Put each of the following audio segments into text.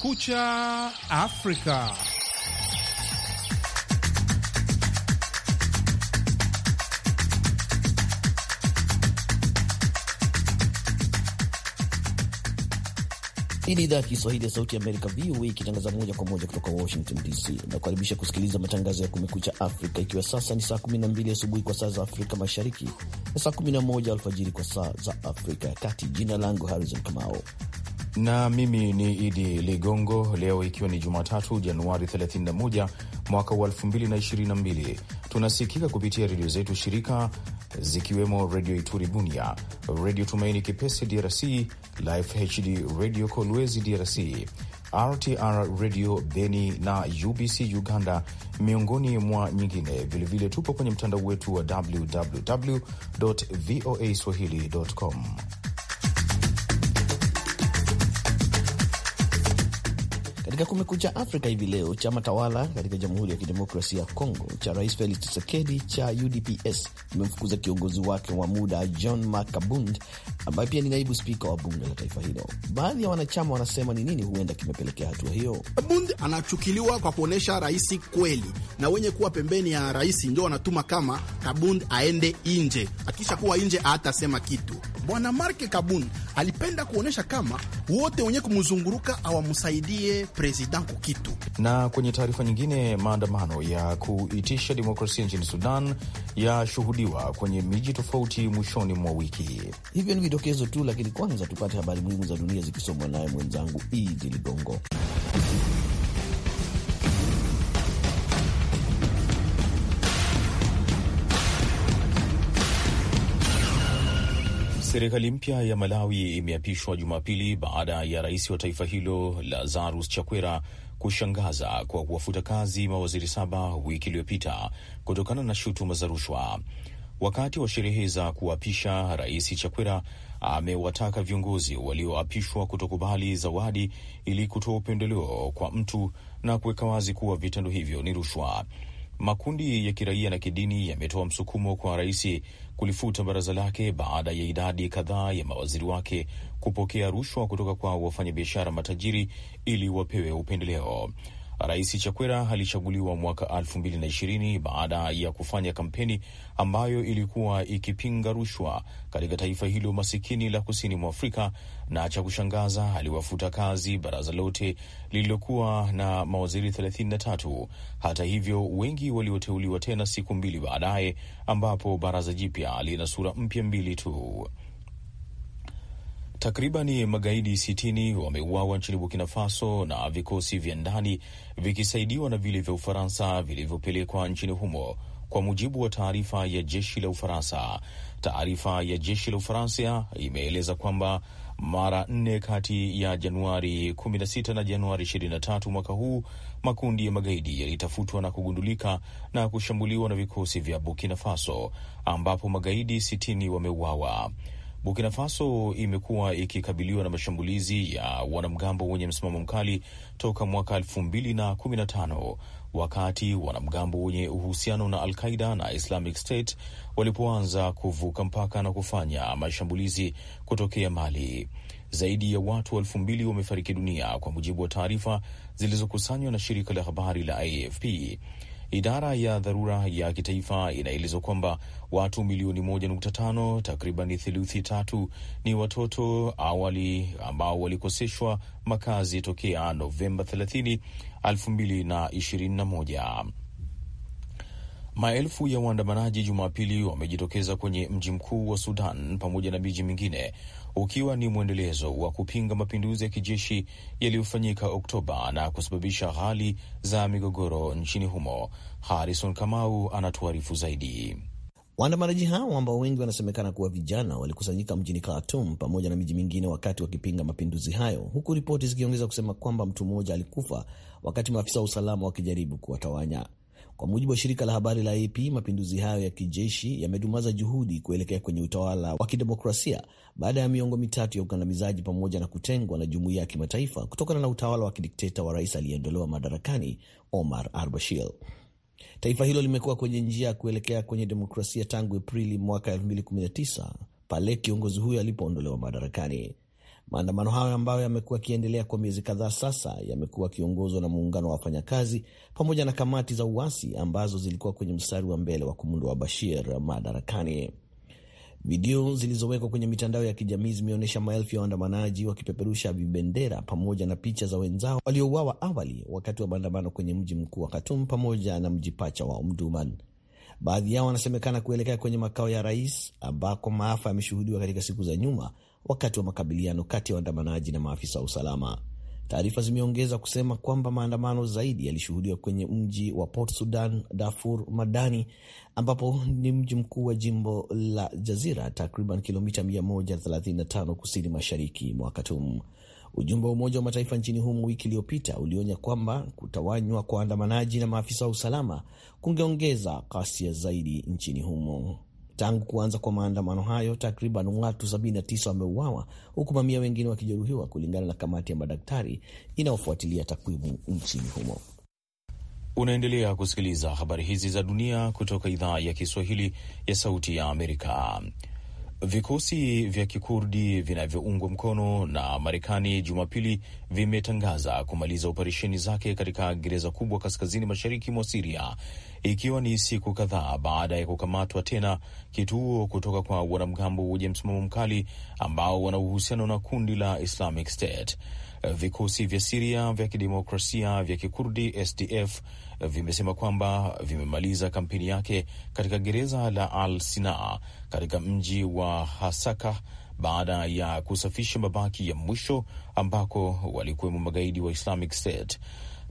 Kumekucha Afrika. Hii ni idhaa ya Kiswahili ya Sauti ya Amerika, VOA, ikitangaza moja kwa moja kutoka Washington DC. Nakukaribisha kusikiliza matangazo ya Kumekucha Afrika, ikiwa sasa ni saa 12 asubuhi kwa saa za Afrika Mashariki na saa 11 alfajiri kwa saa za Afrika ya Kati. Jina langu Harrison Kamao na mimi ni Idi Ligongo. Leo ikiwa ni Jumatatu, Januari 31 mwaka wa 2022, tunasikika kupitia redio zetu shirika zikiwemo Redio Ituri Bunia, Redio Tumaini Kipese DRC, Life HD Radio Kolwezi DRC, RTR Radio Beni na UBC Uganda, miongoni mwa nyingine. Vilevile tupo kwenye mtandao wetu wa www voa swahili.com. Katika Kumekucha Afrika hivi leo, chama tawala katika Jamhuri ya Kidemokrasia ya Kongo cha Rais Felix Tshisekedi cha UDPS kimemfukuza kiongozi wake wa muda John Makabund ambaye pia ni naibu spika wa bunge la taifa hilo. Baadhi ya wanachama wanasema ni nini huenda kimepelekea hatua hiyo. Kabund anachukiliwa kwa kuonyesha rais kweli, na wenye kuwa pembeni ya rais ndio wanatuma kama Kabund aende nje, akisha kuwa nje hatasema kitu. Bwana Marke Kabund alipenda kuonyesha kama wote wenye kumzunguruka awamsaidie president kukitu. Na kwenye taarifa nyingine, maandamano ya kuitisha demokrasia nchini Sudan yashuhudiwa kwenye miji tofauti mwishoni mwa wiki. Hivyo ni vidokezo tu, lakini kwanza tupate habari muhimu za dunia zikisomwa naye mwenzangu Idi Ligongo. Serikali mpya ya Malawi imeapishwa Jumapili baada ya rais wa taifa hilo Lazarus Chakwera kushangaza kwa kuwafuta kazi mawaziri saba wiki iliyopita kutokana na shutuma za rushwa. Wakati wa sherehe za kuapisha, Rais Chakwera amewataka viongozi walioapishwa kutokubali zawadi ili kutoa upendeleo kwa mtu na kuweka wazi kuwa vitendo hivyo ni rushwa. Makundi ya kiraia na kidini yametoa msukumo kwa rais kulifuta baraza lake baada ya idadi kadhaa ya mawaziri wake kupokea rushwa kutoka kwa wafanyabiashara matajiri ili wapewe upendeleo. Rais Chakwera alichaguliwa mwaka elfu baada ya kufanya kampeni ambayo ilikuwa ikipinga rushwa katika taifa hilo masikini la kusini mwa Afrika, na cha kushangaza aliwafuta kazi baraza lote lililokuwa na mawaziri 33. Hata hivyo, wengi walioteuliwa tena siku mbili baadaye, ambapo baraza jipya lina sura mpya mbili tu. Takribani magaidi 60 wameuawa nchini Burkina Faso na vikosi vya ndani vikisaidiwa na vile vya Ufaransa vilivyopelekwa nchini humo kwa mujibu wa taarifa ya jeshi la Ufaransa. Taarifa ya jeshi la Ufaransa imeeleza kwamba mara nne kati ya Januari 16 na Januari 23 mwaka huu makundi ya magaidi yalitafutwa na kugundulika na kushambuliwa na vikosi vya Burkina Faso, ambapo magaidi 60 wameuawa. Burkina Faso imekuwa ikikabiliwa na mashambulizi ya wanamgambo wenye msimamo mkali toka mwaka elfu mbili na kumi na tano wakati wanamgambo wenye uhusiano na Alqaida na Islamic State walipoanza kuvuka mpaka na kufanya mashambulizi kutokea Mali. Zaidi ya watu elfu mbili wamefariki dunia kwa mujibu wa taarifa zilizokusanywa na shirika la habari la AFP. Idara ya dharura ya kitaifa inaelezwa kwamba watu milioni moja nukta tano, takriban theluthi tatu ni watoto awali ambao walikoseshwa makazi tokea Novemba 30, 2021. Maelfu ya waandamanaji Jumapili wamejitokeza kwenye mji mkuu wa Sudan pamoja na miji mingine ukiwa ni mwendelezo wa kupinga mapinduzi ya kijeshi yaliyofanyika Oktoba na kusababisha hali za migogoro nchini humo. Harrison Kamau anatuarifu zaidi. Waandamanaji hao ambao wengi wanasemekana kuwa vijana walikusanyika mjini Khartoum pamoja na miji mingine wakati wakipinga mapinduzi hayo, huku ripoti zikiongeza kusema kwamba mtu mmoja alikufa wakati maafisa wa usalama wakijaribu kuwatawanya. Kwa mujibu wa shirika la habari la AP, mapinduzi hayo ya kijeshi yamedumaza juhudi kuelekea kwenye utawala wa kidemokrasia baada ya miongo mitatu ya ukandamizaji pamoja na kutengwa na jumuiya ya kimataifa kutokana na utawala wa kidikteta wa rais aliyeondolewa madarakani Omar al-Bashir. Taifa hilo limekuwa kwenye njia ya kuelekea kwenye demokrasia tangu Aprili mwaka 2019 pale kiongozi huyo alipoondolewa madarakani. Maandamano hayo ambayo yamekuwa yakiendelea kwa miezi kadhaa sasa yamekuwa yakiongozwa na muungano wa wafanyakazi pamoja na kamati za uasi ambazo zilikuwa kwenye mstari wa mbele wa kumuondoa Bashir madarakani. Video zilizowekwa kwenye mitandao ya kijamii zimeonyesha maelfu ya waandamanaji wakipeperusha vibendera pamoja na picha za wenzao waliouawa awali wakati wa maandamano kwenye mji mkuu wa Khartoum pamoja na mji pacha wa Omdurman. Baadhi yao wanasemekana kuelekea kwenye makao ya rais ambako maafa yameshuhudiwa katika siku za nyuma wakati wa makabiliano kati ya waandamanaji na maafisa wa usalama. Taarifa zimeongeza kusema kwamba maandamano zaidi yalishuhudiwa kwenye mji wa Port Sudan, Darfur, Madani, ambapo ni mji mkuu wa jimbo la Jazira, takriban kilomita 135 kusini mashariki mwa Khartoum. Ujumbe wa Umoja wa Mataifa nchini humo wiki iliyopita ulionya kwamba kutawanywa kwa waandamanaji na maafisa wa usalama kungeongeza ghasia zaidi nchini humo. Tangu kuanza kwa maandamano hayo, takriban watu 79 wameuawa huku mamia wengine wakijeruhiwa, kulingana na kamati ya madaktari inayofuatilia takwimu nchini humo. Unaendelea kusikiliza habari hizi za dunia kutoka idhaa ya Kiswahili ya Sauti ya Amerika. Vikosi vya kikurdi vinavyoungwa mkono na Marekani Jumapili vimetangaza kumaliza operesheni zake katika gereza kubwa kaskazini mashariki mwa Siria ikiwa ni siku kadhaa baada ya kukamatwa tena kituo kutoka kwa wanamgambo wenye msimamo mkali ambao wana uhusiano na kundi la Islamic State. Vikosi vya Siria vya kidemokrasia vya kikurdi SDF vimesema kwamba vimemaliza kampeni yake katika gereza la Al Sinaa katika mji wa Hasaka baada ya kusafisha mabaki ya mwisho ambako walikuwemo magaidi wa Islamic State.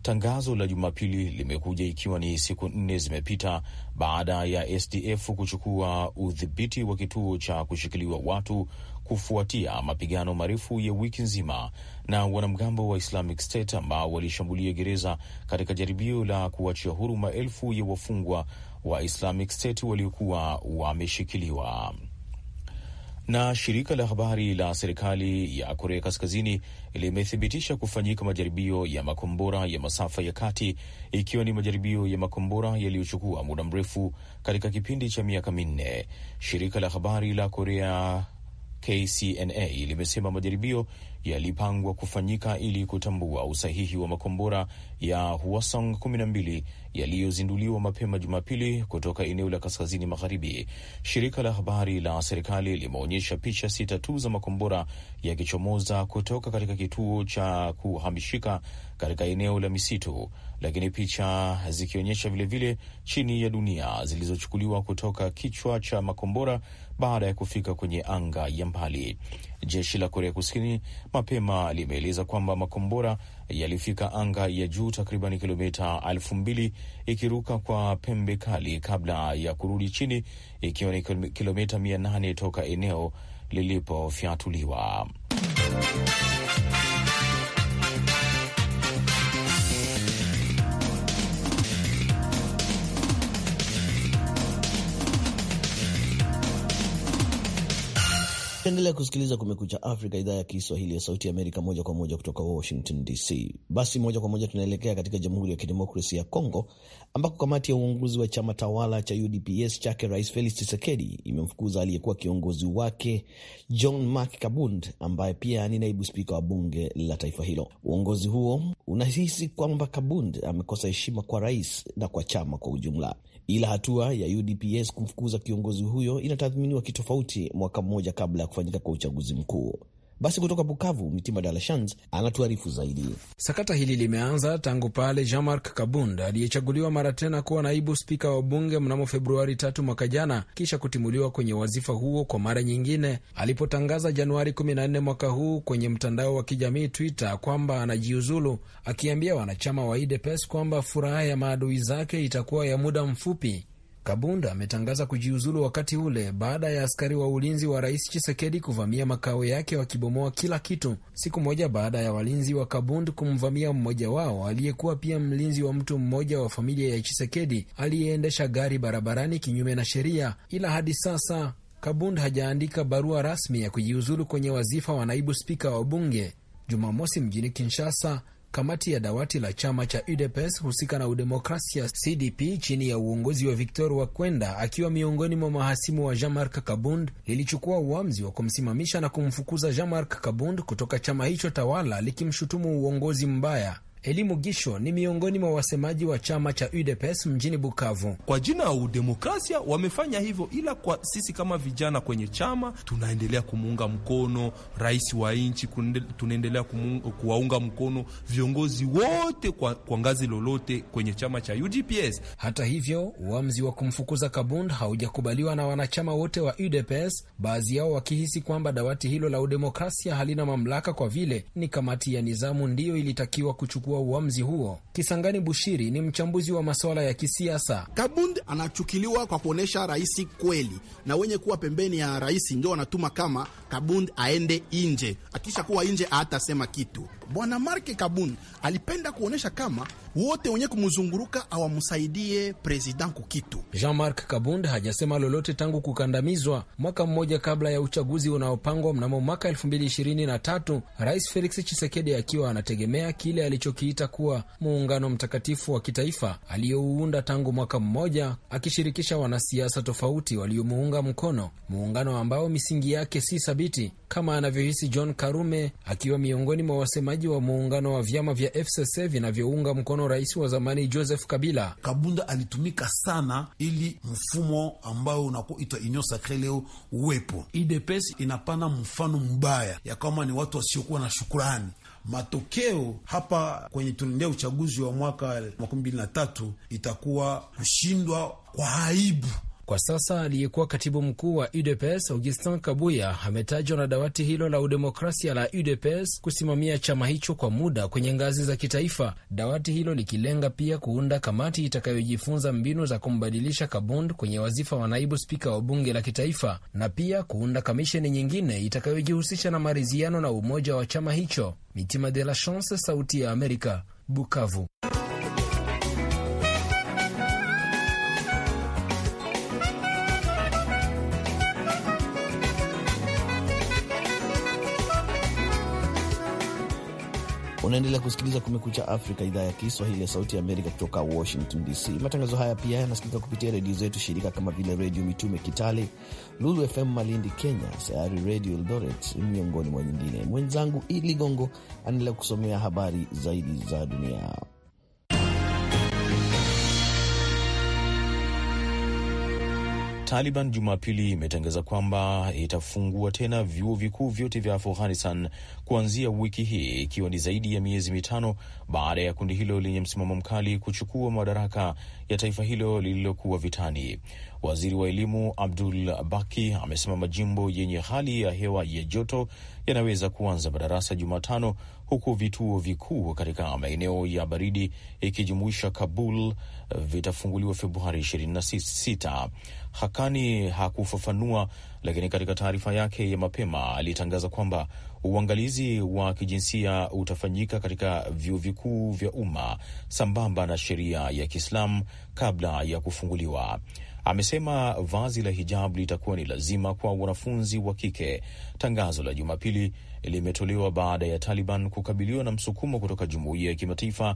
Tangazo la Jumapili limekuja ikiwa ni siku nne zimepita baada ya SDF kuchukua udhibiti wa kituo cha kushikiliwa watu kufuatia mapigano marefu ya wiki nzima na wanamgambo wa Islamic State ambao walishambulia gereza katika jaribio la kuachia huru maelfu ya wafungwa wa Islamic State waliokuwa wameshikiliwa. Na shirika la habari la serikali ya Korea Kaskazini limethibitisha kufanyika majaribio ya makombora ya masafa ya kati, ikiwa ni majaribio ya makombora yaliyochukua muda mrefu katika kipindi cha miaka minne. Shirika la habari la Korea KCNA limesema majaribio yalipangwa kufanyika ili kutambua usahihi wa makombora ya Hwasong 12 yaliyozinduliwa mapema Jumapili kutoka eneo la kaskazini magharibi. Shirika la habari la serikali limeonyesha picha sita tu za makombora yakichomoza kutoka katika kituo cha kuhamishika katika eneo la misitu, lakini picha zikionyesha vilevile chini ya dunia zilizochukuliwa kutoka kichwa cha makombora baada ya kufika kwenye anga ya mbali. Jeshi la Korea Kusini mapema limeeleza kwamba makombora yalifika anga ya juu takriban kilomita elfu mbili ikiruka kwa pembe kali kabla ya kurudi chini, ikiwa ni kilomita mia nane toka eneo lilipofyatuliwa. Endelea kusikiliza Kumekucha Afrika, idhaa ya Kiswahili ya Sauti ya Amerika, moja kwa moja kutoka Washington DC. Basi moja kwa moja tunaelekea katika Jamhuri ya Kidemokrasia ya Kongo, ambako kamati ya uongozi wa chama tawala cha UDPS chake Rais Felix Tshisekedi imemfukuza aliyekuwa kiongozi wake John Mark Kabund, ambaye pia ni naibu spika wa bunge la taifa hilo. Uongozi huo unahisi kwamba Kabund amekosa heshima kwa rais na kwa chama kwa ujumla ila hatua ya UDPS kumfukuza kiongozi huyo inatathminiwa kitofauti mwaka mmoja kabla ya kufanyika kwa uchaguzi mkuu. Basi kutoka Bukavu, Mitima Dalashans anatuarifu zaidi. Sakata hili limeanza tangu pale Jean-Marc Kabund aliyechaguliwa mara tena kuwa naibu spika wa bunge mnamo Februari tatu mwaka jana, kisha kutimuliwa kwenye wazifa huo kwa mara nyingine alipotangaza Januari 14 mwaka huu kwenye mtandao wa kijamii Twitter kwamba anajiuzulu, akiambia wanachama wa IDPES e kwamba furaha ya maadui zake itakuwa ya muda mfupi Kabunda ametangaza kujiuzulu wakati ule baada ya askari wa ulinzi wa rais Chisekedi kuvamia makao yake wakibomoa kila kitu, siku moja baada ya walinzi wa Kabund kumvamia mmoja wao aliyekuwa pia mlinzi wa mtu mmoja wa familia ya Chisekedi aliyeendesha gari barabarani kinyume na sheria. Ila hadi sasa Kabund hajaandika barua rasmi ya kujiuzulu kwenye wazifa wa naibu spika wa bunge. Jumamosi mjini Kinshasa, Kamati ya dawati la chama cha UDPS husika na udemokrasia CDP chini ya uongozi wa Victor Wakwenda akiwa miongoni mwa mahasimu wa Jean-Marc Kabund lilichukua uamuzi wa kumsimamisha na kumfukuza Jean-Marc Kabund kutoka chama hicho tawala likimshutumu uongozi mbaya Elimu Gisho ni miongoni mwa wasemaji wa chama cha UDPS mjini Bukavu. Kwa jina ya udemokrasia wamefanya hivyo, ila kwa sisi kama vijana kwenye chama tunaendelea kumuunga mkono rais wa nchi, tunaendelea kuwaunga mkono viongozi wote kwa, kwa ngazi lolote kwenye chama cha UDPS. Hata hivyo, uamuzi wa kumfukuza Kabund haujakubaliwa na wanachama wote wa UDPS, baadhi yao wakihisi kwamba dawati hilo la udemokrasia halina mamlaka kwa vile ni kamati ya nizamu ndiyo ilitakiwa kuchukua kuchukua uamuzi huo. Kisangani Bushiri ni mchambuzi wa masuala ya kisiasa. Kabund anachukiliwa kwa kuonyesha rais kweli, na wenye kuwa pembeni ya rais ndio wanatuma kama Kabund aende nje, akisha kuwa nje hatasema kitu. Bwana Marke Kabund alipenda kuonyesha kama wote wenye kumzunguruka awamsaidie president kukitu. Jean-Marc Kabund hajasema lolote tangu kukandamizwa mwaka mmoja kabla ya uchaguzi unaopangwa mnamo mwaka 2023, Rais Felix chisekedi akiwa anategemea kile alichokiita kuwa muungano mtakatifu wa kitaifa aliyouunda tangu mwaka mmoja, akishirikisha wanasiasa tofauti waliomuunga mkono, muungano ambao misingi yake si thabiti kama anavyohisi John Karume akiwa miongoni mwa wasemaji wa muungano wa vyama vya FCC vinavyounga mkono rais wa zamani Joseph Kabila. Kabunda alitumika sana ili mfumo ambao unakoitwa Union Sacre leo uwepo. UDPS inapana mfano mbaya ya kama ni watu wasiokuwa na shukurani. Matokeo hapa kwenye tunaendea uchaguzi wa mwaka makumi mbili na tatu itakuwa kushindwa kwa aibu kwa sasa aliyekuwa katibu mkuu wa UDPS Augustin Kabuya ametajwa na dawati hilo la udemokrasia la UDPS kusimamia chama hicho kwa muda kwenye ngazi za kitaifa, dawati hilo likilenga pia kuunda kamati itakayojifunza mbinu za kumbadilisha Kabund kwenye wazifa wa naibu spika wa bunge la kitaifa na pia kuunda kamisheni nyingine itakayojihusisha na maridhiano na umoja wa chama hicho. Mitima de la Chance, Sauti ya Amerika, Bukavu. Unaendelea kusikiliza Kumekucha Afrika, idhaa ya Kiswahili ya Sauti ya Amerika kutoka Washington DC. Matangazo haya pia yanasikika kupitia redio zetu shirika kama vile Redio Mitume Kitale, Lulu FM Malindi Kenya, Sayari Redio Eldoret, miongoni mwa nyingine. Mwenzangu Ili Ligongo anaendelea kusomea habari zaidi za dunia. Taliban Jumapili imetangaza kwamba itafungua tena vyuo vikuu vyote vya Afghanistan kuanzia wiki hii, ikiwa ni zaidi ya miezi mitano baada ya kundi hilo lenye msimamo mkali kuchukua madaraka ya taifa hilo lililokuwa vitani. Waziri wa elimu Abdul Baki amesema majimbo yenye hali ya hewa ya joto yanaweza kuanza madarasa Jumatano huku vituo vikuu katika maeneo ya baridi ikijumuisha Kabul eh, vitafunguliwa Februari 26. Hakani hakufafanua, lakini katika taarifa yake ya mapema alitangaza kwamba uangalizi wa kijinsia utafanyika katika vyuo vikuu vya umma sambamba na sheria ya Kiislamu kabla ya kufunguliwa. Amesema vazi la hijabu litakuwa ni lazima kwa wanafunzi wa kike. Tangazo la Jumapili limetolewa baada ya Taliban kukabiliwa na msukumo kutoka jumuiya ya kimataifa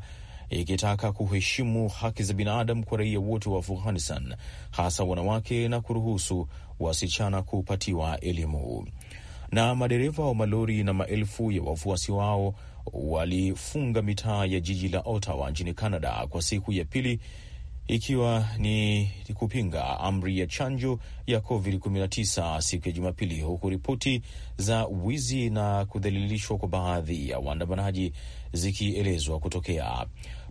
ikitaka kuheshimu haki za binadamu kwa raia wote wa Afghanistan, hasa wanawake, na kuruhusu wasichana kupatiwa elimu. Na madereva wa malori na maelfu ya wafuasi wao walifunga mitaa ya jiji la Ottawa nchini Canada kwa siku ya pili ikiwa ni kupinga amri ya chanjo ya COVID-19 siku ya Jumapili, huku ripoti za wizi na kudhalilishwa kwa baadhi ya waandamanaji zikielezwa kutokea.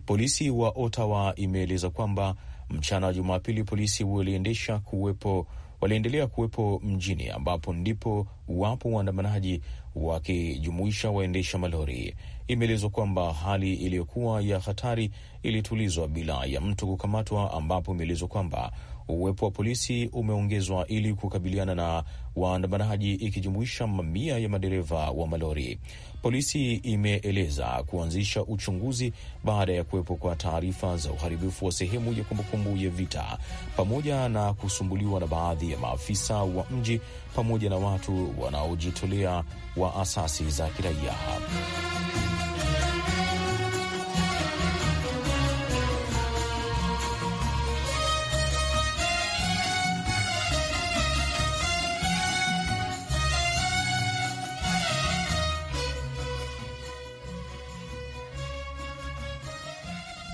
Polisi wa Ottawa imeeleza kwamba mchana wa Jumapili polisi waliendesha kuwepo waliendelea kuwepo mjini, ambapo ndipo wapo waandamanaji wakijumuisha waendesha malori. Imeelezwa kwamba hali iliyokuwa ya hatari ilitulizwa bila ya mtu kukamatwa, ambapo imeelezwa kwamba Uwepo wa polisi umeongezwa ili kukabiliana na waandamanaji, ikijumuisha mamia ya madereva wa malori. Polisi imeeleza kuanzisha uchunguzi baada ya kuwepo kwa taarifa za uharibifu wa sehemu ya kumbukumbu ya vita, pamoja na kusumbuliwa na baadhi ya maafisa wa mji pamoja na watu wanaojitolea wa asasi za kiraia.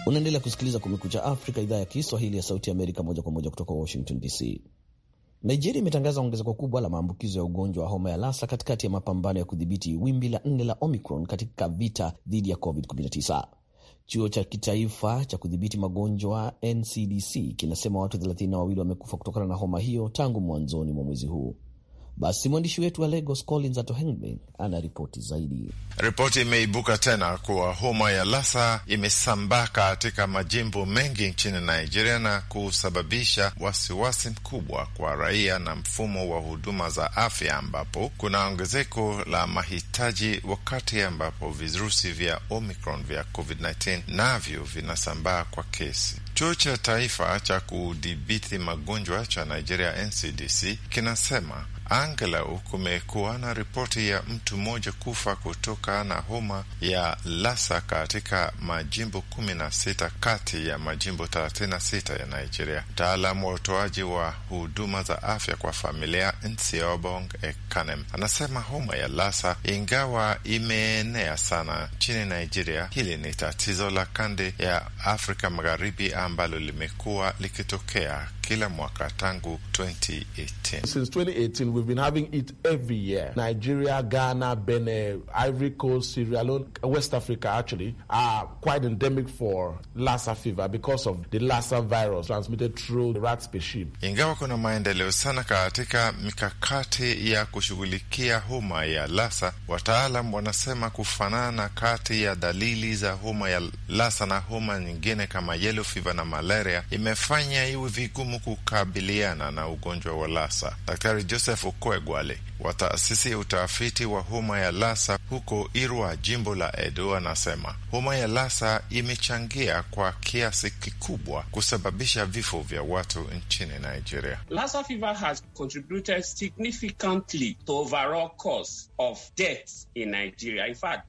Unaendelea kusikiliza Kumekucha Afrika, idhaa ya Kiswahili ya Sauti ya Amerika, moja kwa moja kutoka Washington DC. Nigeria imetangaza ongezeko kubwa la maambukizo ya ugonjwa wa homa ya Lassa katikati ya mapambano ya kudhibiti wimbi la nne la Omicron katika vita dhidi ya COVID-19. Chuo cha kitaifa cha kudhibiti magonjwa NCDC kinasema watu 32 wamekufa kutokana na homa hiyo tangu mwanzoni mwa mwezi huu. Basi mwandishi wetu wa Lagos Collins Atohengben ana ripoti zaidi. Ripoti imeibuka tena kuwa homa ya Lassa imesambaa katika majimbo mengi nchini Nigeria na kusababisha wasiwasi mkubwa kwa raia na mfumo wa huduma za afya, ambapo kuna ongezeko la mahitaji wakati ambapo virusi vya Omicron vya COVID-19 navyo vinasambaa kwa kesi. Chuo cha Taifa cha Kudhibiti Magonjwa cha Nigeria, NCDC, kinasema Angalau kumekuwa na ripoti ya mtu mmoja kufa kutoka na homa ya Lassa katika majimbo kumi na sita kati ya majimbo thelathini na sita ya Nigeria. Mtaalamu wa utoaji wa huduma za afya kwa familia Nsiobong Ekanem anasema homa ya Lassa, ingawa imeenea sana nchini Nigeria, hili ni tatizo la kande ya Afrika Magharibi ambalo limekuwa likitokea kila mwaka tangu 2018. Since 2018 we've been having it every year. Nigeria, Ghana, Benin, Ivory Coast, Sierra Leone, West Africa actually are quite endemic for Lassa fever because of the Lassa virus transmitted through the rat species. Ingawa kuna maendeleo sana katika mikakati ya kushughulikia homa ya Lassa, wataalam wanasema kufanana kati ya dalili za homa ya Lassa na homa nyingine kama yellow fever na malaria imefanya iwe vigumu kukabiliana na ugonjwa wa lasa Daktari Joseph Okwegwale wa taasisi ya utafiti wa homa ya lasa huko Irwa, jimbo la Edo, anasema homa ya lasa imechangia kwa kiasi kikubwa kusababisha vifo vya watu nchini Nigeria. Lassa fever has contributed significantly to overall cause of deaths in Nigeria. In fact,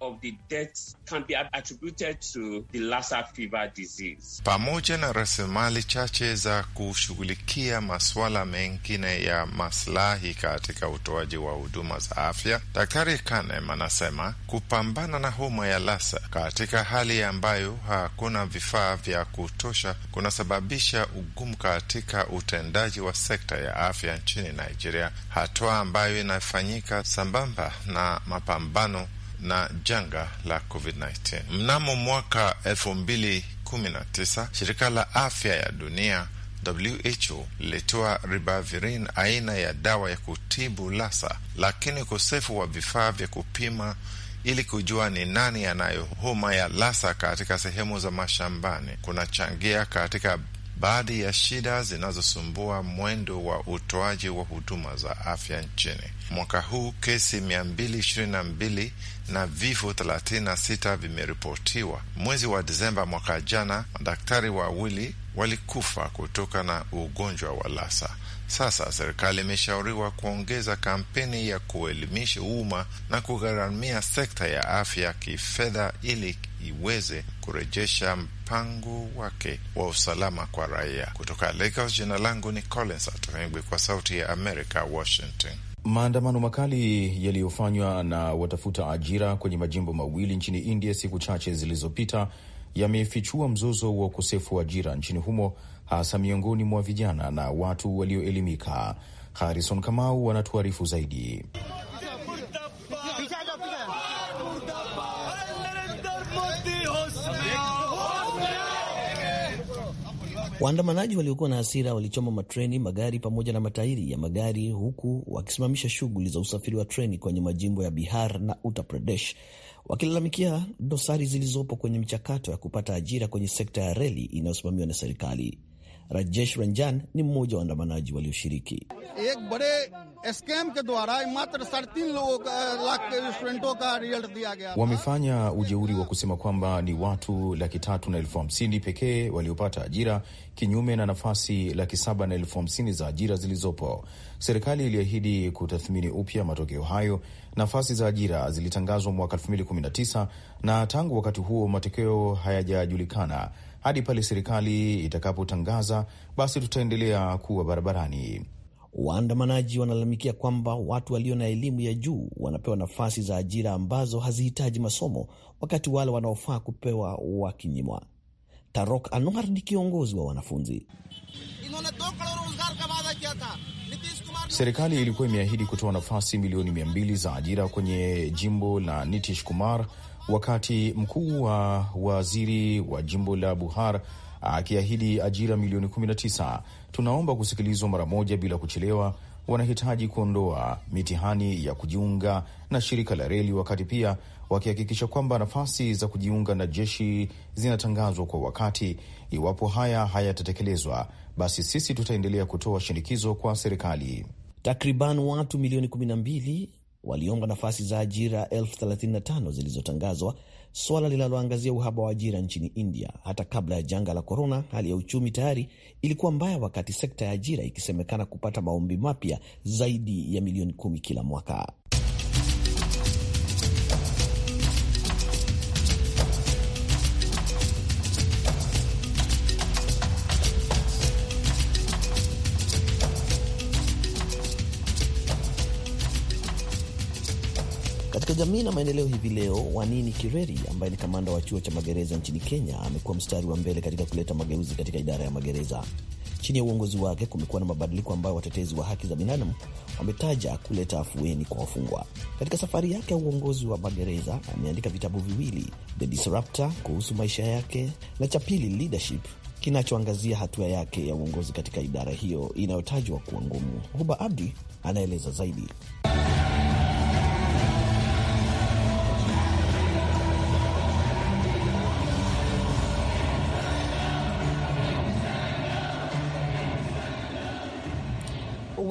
of the deaths can be attributed to the Lassa fever disease. Pamoja na rasilimali cha chache za kushughulikia masuala mengine ya maslahi katika utoaji wa huduma za afya. Daktari Kanem anasema kupambana na homa ya Lassa katika hali ambayo hakuna vifaa vya kutosha kunasababisha ugumu katika utendaji wa sekta ya afya nchini Nigeria, hatua ambayo inafanyika sambamba na mapambano na janga la COVID-19. Mnamo mwaka elfu mbili 19 shirika la afya ya dunia WHO lilitoa ribavirin aina ya dawa ya kutibu lasa, lakini ukosefu wa vifaa vya kupima ili kujua ni nani anayo homa ya lasa katika sehemu za mashambani kunachangia katika baadhi ya shida zinazosumbua mwendo wa utoaji wa huduma za afya nchini. Mwaka huu kesi mia mbili ishirini na mbili na vifo thelathini na sita vimeripotiwa. Mwezi wa Desemba mwaka jana, madaktari wawili walikufa kutoka na ugonjwa wa lasa Sasa serikali imeshauriwa kuongeza kampeni ya kuelimisha umma na kugharamia sekta ya afya kifedha ili iweze kurejesha mpango wake wa usalama kwa raia. Kutoka Lagos, jina langu ni Collins Atoengwi kwa Sauti ya America, Washington. Maandamano makali yaliyofanywa na watafuta ajira kwenye majimbo mawili nchini India siku chache zilizopita yamefichua mzozo wa ukosefu wa ajira nchini humo, hasa miongoni mwa vijana na watu walioelimika. Harrison Kamau anatuarifu zaidi. Waandamanaji waliokuwa na hasira walichoma matreni, magari pamoja na matairi ya magari, huku wakisimamisha shughuli za usafiri wa treni kwenye majimbo ya Bihar na Uttar Pradesh, wakilalamikia dosari zilizopo kwenye michakato ya kupata ajira kwenye sekta ya reli inayosimamiwa na serikali. Rajesh Ranjan ni mmoja wa waandamanaji walioshiriki. Wamefanya ujeuri wa kusema kwamba ni watu laki tatu na elfu hamsini pekee waliopata ajira kinyume na nafasi laki saba na elfu hamsini za ajira zilizopo. Serikali iliahidi kutathmini upya matokeo hayo. Nafasi za ajira zilitangazwa mwaka 2019 na tangu wakati huo matokeo hayajajulikana hadi pale serikali itakapotangaza, basi tutaendelea kuwa barabarani. Waandamanaji wanalalamikia kwamba watu walio na elimu ya juu wanapewa nafasi za ajira ambazo hazihitaji masomo, wakati wale wanaofaa kupewa wakinyimwa. Tarok Anwar ni kiongozi wa wanafunzi. Serikali ilikuwa imeahidi kutoa nafasi milioni mia mbili za ajira kwenye jimbo la Nitish Kumar wakati mkuu wa waziri wa jimbo la Buhar akiahidi ajira milioni 19. Tunaomba kusikilizwa mara moja bila kuchelewa. Wanahitaji kuondoa mitihani ya kujiunga na shirika la reli, wakati pia wakihakikisha kwamba nafasi za kujiunga na jeshi zinatangazwa kwa wakati. Iwapo haya hayatatekelezwa, basi sisi tutaendelea kutoa shinikizo kwa serikali. Takriban watu milioni waliomba nafasi za ajira 35 zilizotangazwa, swala linaloangazia uhaba wa ajira nchini India. Hata kabla ya janga la korona, hali ya uchumi tayari ilikuwa mbaya, wakati sekta ya ajira ikisemekana kupata maombi mapya zaidi ya milioni kumi kila mwaka. Katika jamii na maendeleo hivi leo, Wanini Kireri ambaye ni kamanda wa chuo cha magereza nchini Kenya amekuwa mstari wa mbele katika kuleta mageuzi katika idara ya magereza. Chini ya uongozi wake kumekuwa na mabadiliko ambayo watetezi wa haki za binadamu wametaja kuleta afueni kwa wafungwa. Katika safari yake ya uongozi wa magereza ameandika vitabu viwili, The Disruptor kuhusu maisha yake na cha pili Leadership kinachoangazia hatua yake ya uongozi katika idara hiyo inayotajwa kuwa ngumu. Huba Abdi anaeleza zaidi.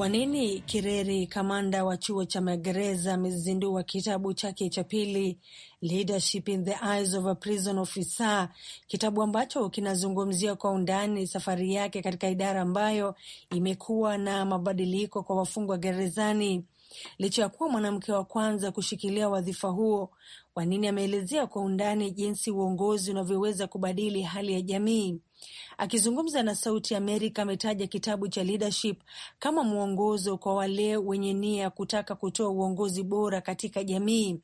Wanini Kireri, kamanda wa chuo cha magereza, amezindua kitabu chake cha pili Leadership in the Eyes of a Prison Officer, kitabu ambacho kinazungumzia kwa undani safari yake katika idara ambayo imekuwa na mabadiliko kwa wafungwa gerezani. Licha ya kuwa mwanamke wa kwanza kushikilia wadhifa huo, Wanini ameelezea kwa undani jinsi uongozi unavyoweza kubadili hali ya jamii. Akizungumza na Sauti ya Amerika, ametaja kitabu cha Leadership kama mwongozo kwa wale wenye nia ya kutaka kutoa uongozi bora katika jamii.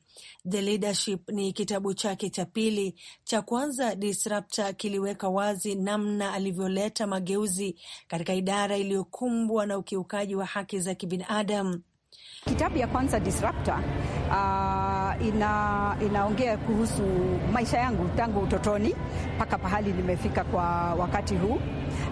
The Leadership ni kitabu chake cha pili. Cha kwanza Disruptor kiliweka wazi namna alivyoleta mageuzi katika idara iliyokumbwa na ukiukaji wa haki za kibinadamu. Kitabu ya kwanza Disruptor uh, ina, inaongea kuhusu maisha yangu tangu utotoni mpaka pahali nimefika kwa wakati huu.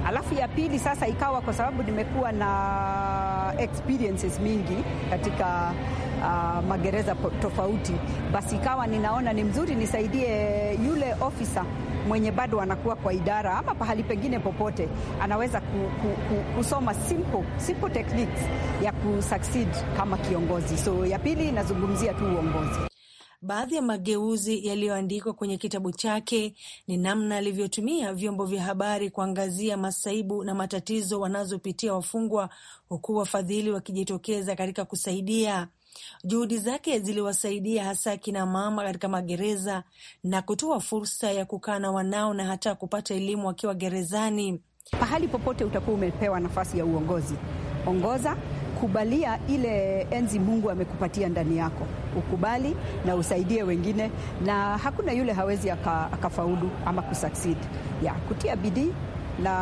Alafu ya pili sasa ikawa kwa sababu nimekuwa na experiences mingi katika uh, magereza tofauti, basi ikawa ninaona ni mzuri nisaidie yule ofisa mwenye bado anakuwa kwa idara ama pahali pengine popote, anaweza ku, ku, ku, kusoma simple, simple techniques ya kusucceed kama kiongozi. So ya pili inazungumzia tu uongozi. Baadhi ya mageuzi yaliyoandikwa kwenye kitabu chake ni namna alivyotumia vyombo vya habari kuangazia masaibu na matatizo wanazopitia wafungwa, huku wafadhili wakijitokeza katika kusaidia. Juhudi zake ziliwasaidia hasa kina mama katika magereza na kutoa fursa ya kukaa na wanao na hata kupata elimu wakiwa gerezani. Pahali popote utakuwa umepewa nafasi ya uongozi, ongoza kubalia ile enzi Mungu amekupatia ndani yako, ukubali na usaidie wengine, na hakuna yule hawezi akafaulu ama kusucceed ya kutia bidii na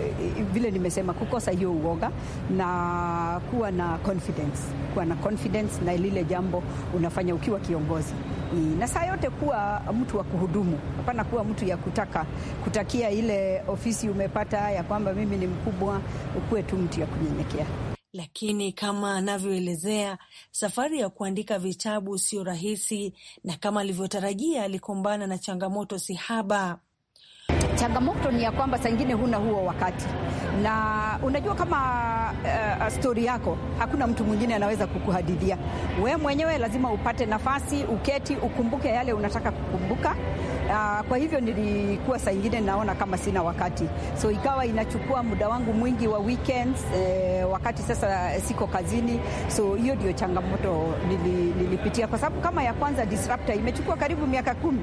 eh, vile nimesema, kukosa hiyo uoga na kuwa na confidence, kuwa na confidence na lile jambo unafanya ukiwa kiongozi na saa yote kuwa mtu wa kuhudumu, hapana kuwa mtu ya kutaka kutakia ile ofisi umepata ya kwamba mimi ni mkubwa, ukuwe tu mtu ya kunyenyekea. Lakini kama anavyoelezea, safari ya kuandika vitabu sio rahisi, na kama alivyotarajia, alikumbana na changamoto si haba. Changamoto ni ya kwamba saa ingine huna huo wakati, na unajua kama uh, eh, eh, stori yako hakuna mtu mwingine anaweza kukuhadithia we mwenyewe. Lazima upate nafasi, uketi, ukumbuke yale unataka kukumbuka. Uh, kwa hivyo nilikuwa saa ingine naona kama sina wakati, so ikawa inachukua muda wangu mwingi wa weekends, eh, wakati sasa siko kazini, so hiyo ndio changamoto nili, nilipitia kwa sababu kama ya kwanza Disruptor imechukua karibu miaka kumi,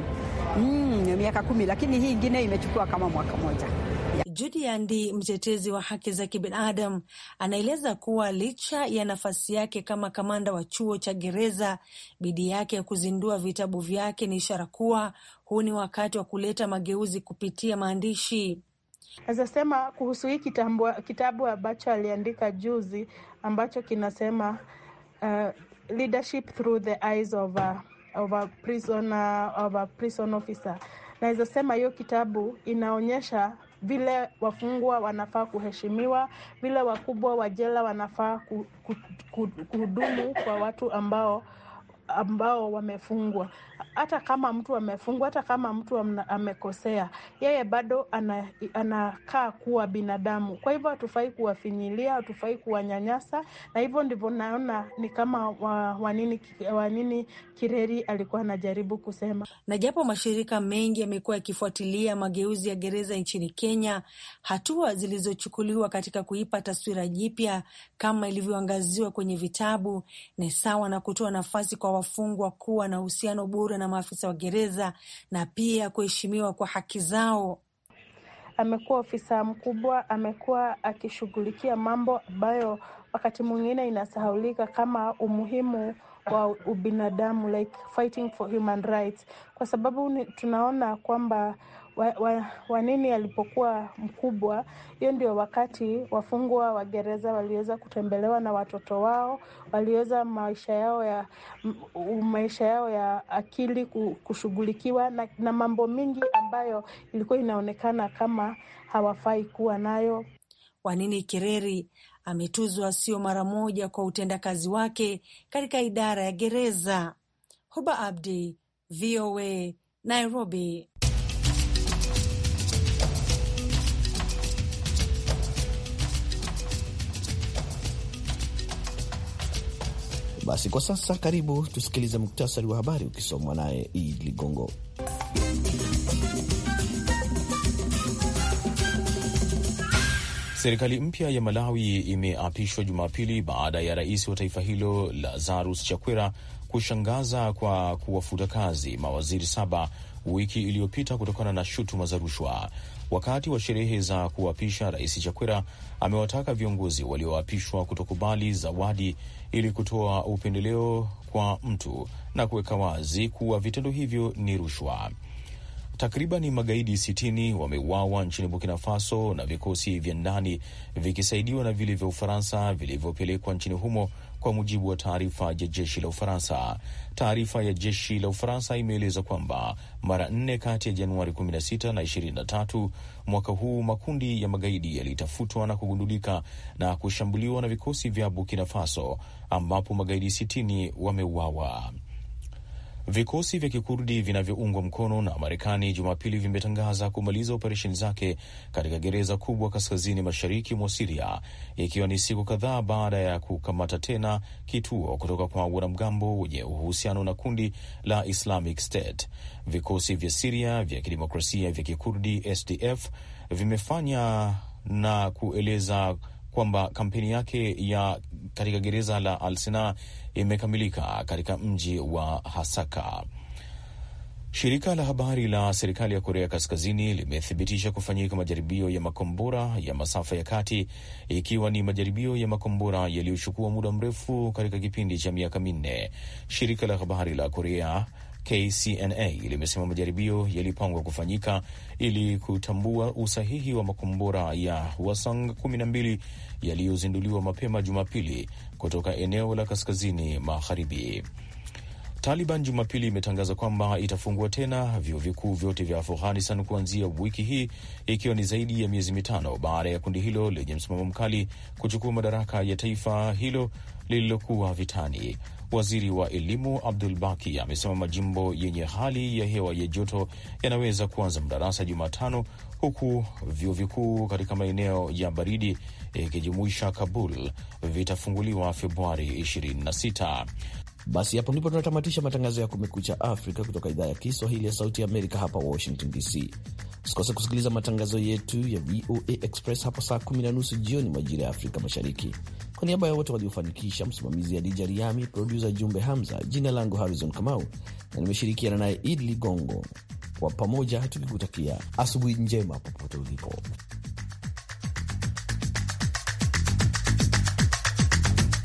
mm, miaka kumi, lakini hii ingine imechukua kama mwaka mmoja. Judi Andi, mtetezi wa haki za kibinadamu, anaeleza kuwa licha ya nafasi yake kama kamanda wa chuo cha gereza, bidii yake ya kuzindua vitabu vyake ni ishara kuwa huu ni wakati wa kuleta mageuzi kupitia maandishi. azasema kuhusu hii kitabu ambacho aliandika juzi ambacho kinasema uh, leadership through the eyes of a, of a prisoner, uh, of a prison officer naweza sema hiyo kitabu inaonyesha vile wafungwa wanafaa kuheshimiwa, vile wakubwa wa jela wanafaa kuhudumu kwa watu ambao ambao wamefungwa. Hata kama mtu amefungwa, hata kama mtu amekosea, yeye bado ana, anakaa kuwa binadamu. Kwa hivyo hatufai kuwafinyilia, hatufai kuwanyanyasa, na hivyo ndivyo naona ni kama wanini, wanini Kireri alikuwa anajaribu kusema. Na japo mashirika mengi yamekuwa yakifuatilia mageuzi ya gereza nchini Kenya, hatua zilizochukuliwa katika kuipa taswira jipya kama ilivyoangaziwa kwenye vitabu ni sawa na kutoa nafasi kwa wafungwa kuwa na uhusiano bora na maafisa wa gereza na pia kuheshimiwa kwa haki zao. Amekuwa ofisa mkubwa, amekuwa akishughulikia mambo ambayo wakati mwingine inasahaulika kama umuhimu wa ubinadamu like fighting for human rights, kwa sababu tunaona kwamba Wanini wa, wa alipokuwa mkubwa, hiyo ndio wakati wafungwa wa gereza waliweza kutembelewa na watoto wao, waliweza maisha yao ya maisha yao ya akili kushughulikiwa na, na mambo mingi ambayo ilikuwa inaonekana kama hawafai kuwa nayo. Wanini Kireri ametuzwa sio mara moja kwa utendakazi wake katika idara ya gereza. Huba Abdi, VOA, Nairobi. Basi kwa sasa, karibu tusikilize muktasari wa habari ukisomwa naye id Ligongo. Serikali mpya ya Malawi imeapishwa Jumapili baada ya rais wa taifa hilo Lazarus Chakwera kushangaza kwa kuwafuta kazi mawaziri saba wiki iliyopita kutokana na shutuma za rushwa. Wakati wa sherehe za kuapisha, Rais Chakwera amewataka viongozi walioapishwa kutokubali zawadi ili kutoa upendeleo kwa mtu na kuweka wazi kuwa vitendo hivyo ni rushwa. Takribani magaidi 60 wameuawa nchini Burkina Faso na vikosi vya ndani vikisaidiwa na vile vya Ufaransa vilivyopelekwa nchini humo kwa mujibu wa taarifa ya jeshi la Ufaransa. Taarifa ya jeshi la Ufaransa imeeleza kwamba mara nne kati ya Januari 16 na 23 mwaka huu makundi ya magaidi yalitafutwa na kugundulika na kushambuliwa na vikosi vya Burkina Faso ambapo magaidi 60 wameuawa. Vikosi vya kikurdi vinavyoungwa mkono na Marekani Jumapili vimetangaza kumaliza operesheni zake katika gereza kubwa kaskazini mashariki mwa Siria, ikiwa ni siku kadhaa baada ya kukamata tena kituo kutoka kwa wanamgambo wenye uhusiano na kundi la Islamic State. Vikosi vya Siria vya kidemokrasia vya kikurdi SDF vimefanya na kueleza kwamba kampeni yake ya katika gereza la alsina imekamilika katika mji wa Hasaka. Shirika la habari la serikali ya Korea Kaskazini limethibitisha kufanyika majaribio ya makombora ya masafa ya kati, ikiwa ni majaribio ya makombora yaliyochukua muda mrefu katika kipindi cha miaka minne. Shirika la habari la Korea KCNA limesema majaribio yalipangwa kufanyika ili kutambua usahihi wa makombora ya Hwasong 12 yaliyozinduliwa mapema Jumapili kutoka eneo la kaskazini magharibi. Taliban Jumapili imetangaza kwamba itafungua tena vyuo vikuu vyote vya Afghanistan kuanzia wiki hii, ikiwa ni zaidi ya miezi mitano baada ya kundi hilo lenye msimamo mkali kuchukua madaraka ya taifa hilo lililokuwa vitani. Waziri wa elimu Abdul Baki amesema majimbo yenye hali ya hewa ya joto yanaweza kuanza madarasa Jumatano, huku vyuo vikuu katika maeneo ya baridi ikijumuisha Kabul vitafunguliwa Februari 26. Basi hapo ndipo tunatamatisha matangazo ya Kumekucha Afrika kutoka idhaa ya Kiswahili ya Sauti Amerika hapa Washington DC. Usikose kusikiliza matangazo yetu ya VOA Express hapo saa kumi na nusu jioni majira ya Afrika Mashariki. Kwa niaba ya wote waliofanikisha, msimamizi Adija Riami, produsa Jumbe Hamza, jina langu Harrison Kamau na nimeshirikiana naye idli gongo kwa pamoja tukikutakia asubuhi njema popote ulipo.